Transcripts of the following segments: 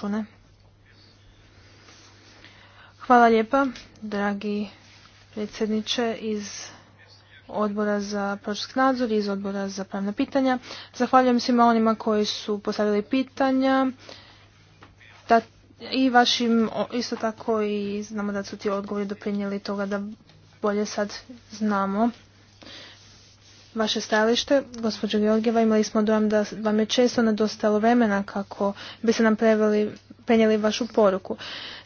proračune. Hvala lijepa, dragi predsjedniče iz odbora za proračunski nadzor i iz odbora za pravna pitanja. Zahvaljujem svima onima koji su postavili pitanja i vašim isto tako i znamo da su ti odgovori doprinijeli toga da bolje sad znamo vaše stajalište. Gospođo Georgijeva, imali smo dojam da vam je često nedostajalo vremena kako bi se nam preveli, prenijeli vašu poruku.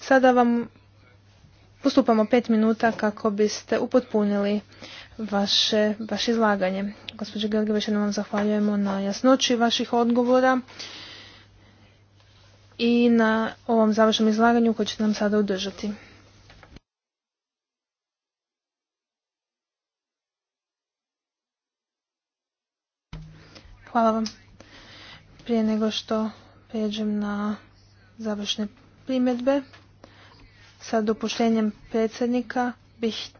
Sada vam postupamo pet minuta kako biste upotpunili vaše, vaše izlaganje. Gospođo Georgijeva, još vam zahvaljujemo na jasnoći vaših odgovora i na ovom završnom izlaganju koje ćete nam sada održati. Hvala vam. Prije nego što pređem na završne primjedbe, sa dopuštenjem predsjednika bih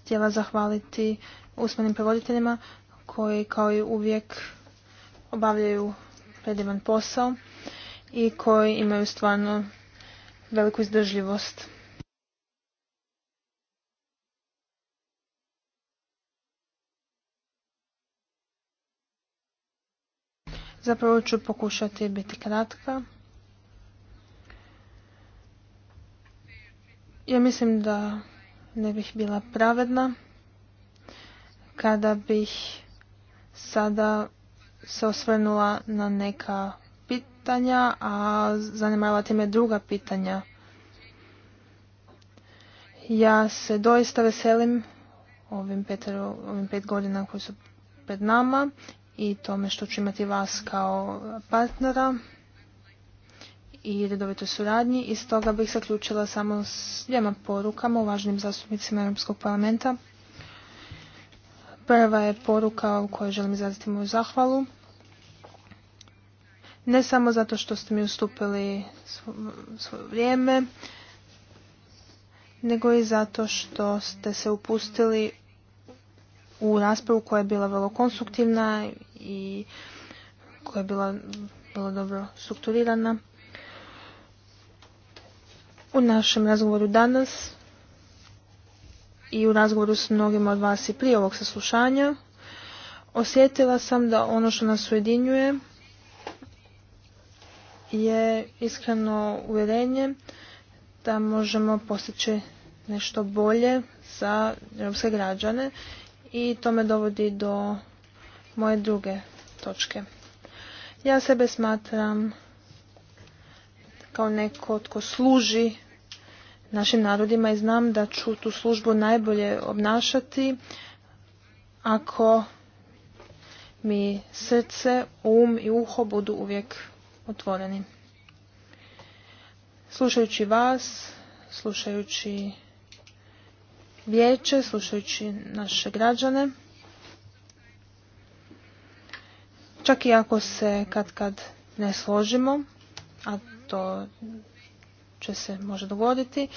htjela zahvaliti usmenim prevoditeljima koji kao i uvijek obavljaju predivan posao i koji imaju stvarno veliku izdržljivost. Zapravo ću pokušati biti kratka. Ja mislim da ne bih bila pravedna kada bih sada se osvrnula na neka pitanja, a zanimala time druga pitanja. Ja se doista veselim ovim, ovim pet godina koji su pred nama i tome što ću imati vas kao partnera i redovitoj suradnji. Iz toga bih zaključila samo s dvijema porukama uvaženim važnim zastupnicima Europskog parlamenta. Prva je poruka u kojoj želim izraziti moju zahvalu. Ne samo zato što ste mi ustupili svoje vrijeme, nego i zato što ste se upustili u raspravu koja je bila vrlo konstruktivna i koja je bila vrlo dobro strukturirana. U našem razgovoru danas i u razgovoru s mnogima od vas i prije ovog saslušanja osjetila sam da ono što nas ujedinjuje je iskreno uvjerenje da možemo postići nešto bolje za europske građane i to me dovodi do moje druge točke. Ja sebe smatram kao neko tko služi našim narodima i znam da ću tu službu najbolje obnašati ako mi srce, um i uho budu uvijek otvoreni. Slušajući vas, slušajući vijeće, slušajući naše građane. Čak i ako se kad kad ne složimo, a to će se može dogoditi,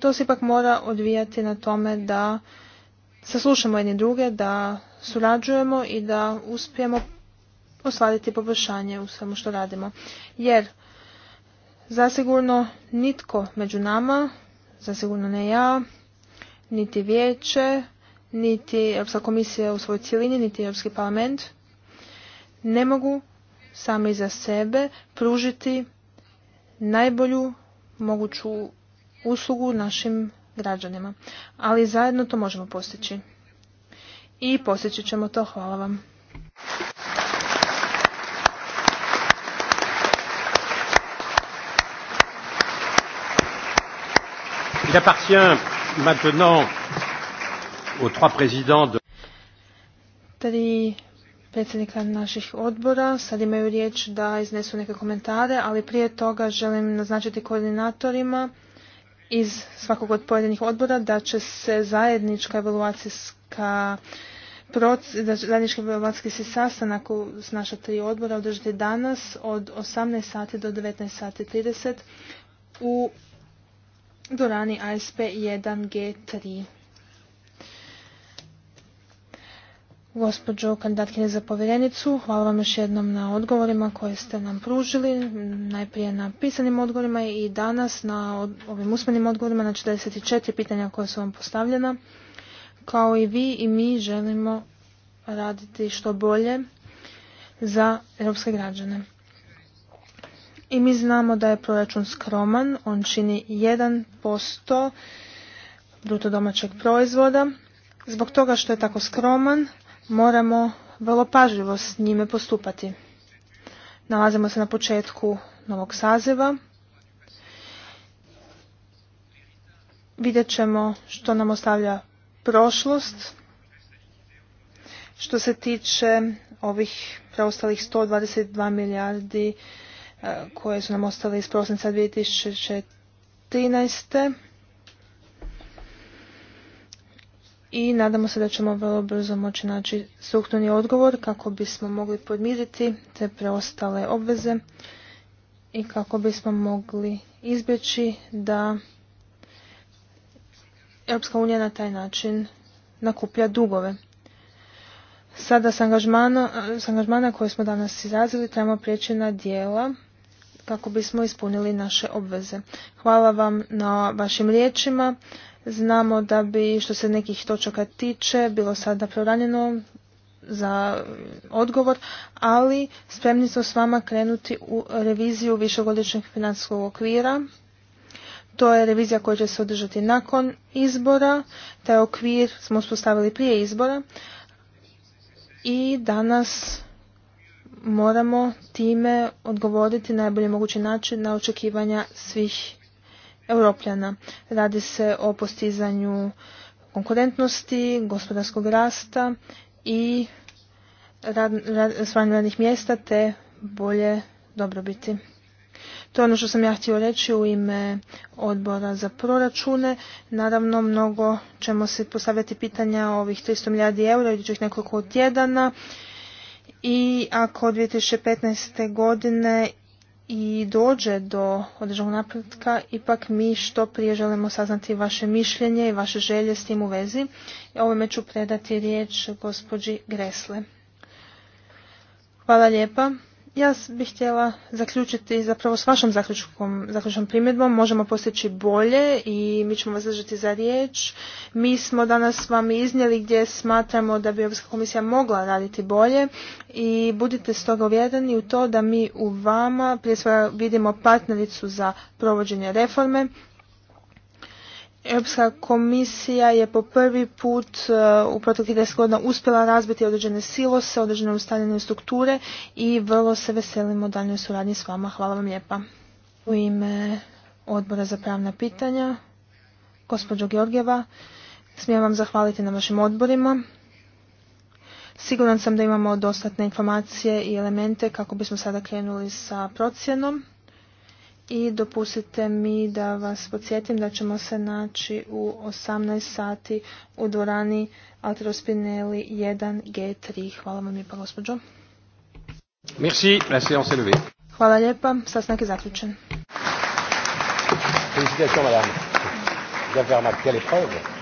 to se ipak mora odvijati na tome da saslušamo jedni druge, da surađujemo i da uspijemo osladiti poboljšanje u svemu što radimo. Jer zasigurno nitko među nama, zasigurno ne ja, niti vijeće, niti Europska komisija u svojoj cjelini, niti Europski parlament ne mogu sami za sebe pružiti najbolju moguću uslugu našim građanima. Ali zajedno to možemo postići. I postići ćemo to. Hvala vam maintenant aux trois présidents de... Tri predsjednika naših odbora sad imaju riječ da iznesu neke komentare, ali prije toga želim naznačiti koordinatorima iz svakog od pojedinih odbora da će se zajednička evaluacijska da zajednički evaluacijski sastanak s naša tri odbora održati danas od 18 sati do 19 sati 30 u Dorani ASP 1G3. Gospođo kandidatkinje za povjerenicu, hvala vam još jednom na odgovorima koje ste nam pružili, najprije na pisanim odgovorima i danas na ovim usmenim odgovorima na 44 pitanja koja su vam postavljena. Kao i vi i mi želimo raditi što bolje za europske građane. I mi znamo da je proračun skroman, on čini 1% bruto domaćeg proizvoda. Zbog toga što je tako skroman, moramo vrlo pažljivo s njime postupati. Nalazimo se na početku novog saziva. Vidjet ćemo što nam ostavlja prošlost. Što se tiče ovih preostalih 122 milijardi E, koje su nam ostale iz prosinca 2014. I nadamo se da ćemo vrlo brzo moći naći strukturni odgovor kako bismo mogli podmiriti te preostale obveze i kako bismo mogli izbjeći da Europska unija na taj način nakuplja dugove. Sada s angažmana, angažmana koje smo danas izrazili trebamo prijeći na dijela kako bismo ispunili naše obveze. Hvala vam na vašim riječima. Znamo da bi što se nekih točaka tiče bilo sada proranjeno za odgovor, ali spremni smo s vama krenuti u reviziju višegodišnjeg financijskog okvira. To je revizija koja će se održati nakon izbora. Taj okvir smo uspostavili prije izbora i danas moramo time odgovoriti najbolje mogući način na očekivanja svih europljana. Radi se o postizanju konkurentnosti, gospodarskog rasta i rad, radnih mjesta te bolje dobrobiti. To je ono što sam ja htio reći u ime odbora za proračune. Naravno, mnogo ćemo se postavljati pitanja o ovih 300 milijardi eura idućih nekoliko tjedana i ako 2015. godine i dođe do određenog napretka, ipak mi što prije želimo saznati vaše mišljenje i vaše želje s tim u vezi. Ovime ću predati riječ gospođi Gresle. Hvala lijepa. Ja bih htjela zaključiti zapravo s vašom zaključkom, zaključnom primjedbom. Možemo postići bolje i mi ćemo vas držati za riječ. Mi smo danas vam iznijeli gdje smatramo da bi Europska komisija mogla raditi bolje i budite stoga uvjereni u to da mi u vama prije svega vidimo partnericu za provođenje reforme Europska komisija je po prvi put e, u proteklih deset godina uspjela razbiti određene silose, određene ustaljene strukture i vrlo se veselimo daljnjoj suradnji s vama. Hvala vam lijepa. U ime odbora za pravna pitanja, gospođo Georgijeva, smijem vam zahvaliti na vašim odborima. Siguran sam da imamo dostatne informacije i elemente kako bismo sada krenuli sa procjenom i dopustite mi da vas podsjetim da ćemo se naći u 18 sati u dvorani Altrospinelli 1G3. Hvala vam i lijepa gospođo. Merci, la séance est levée. Hvala lijepa, sastanak je zaključen. Félicitations madame. Vous avez remarqué l'épreuve.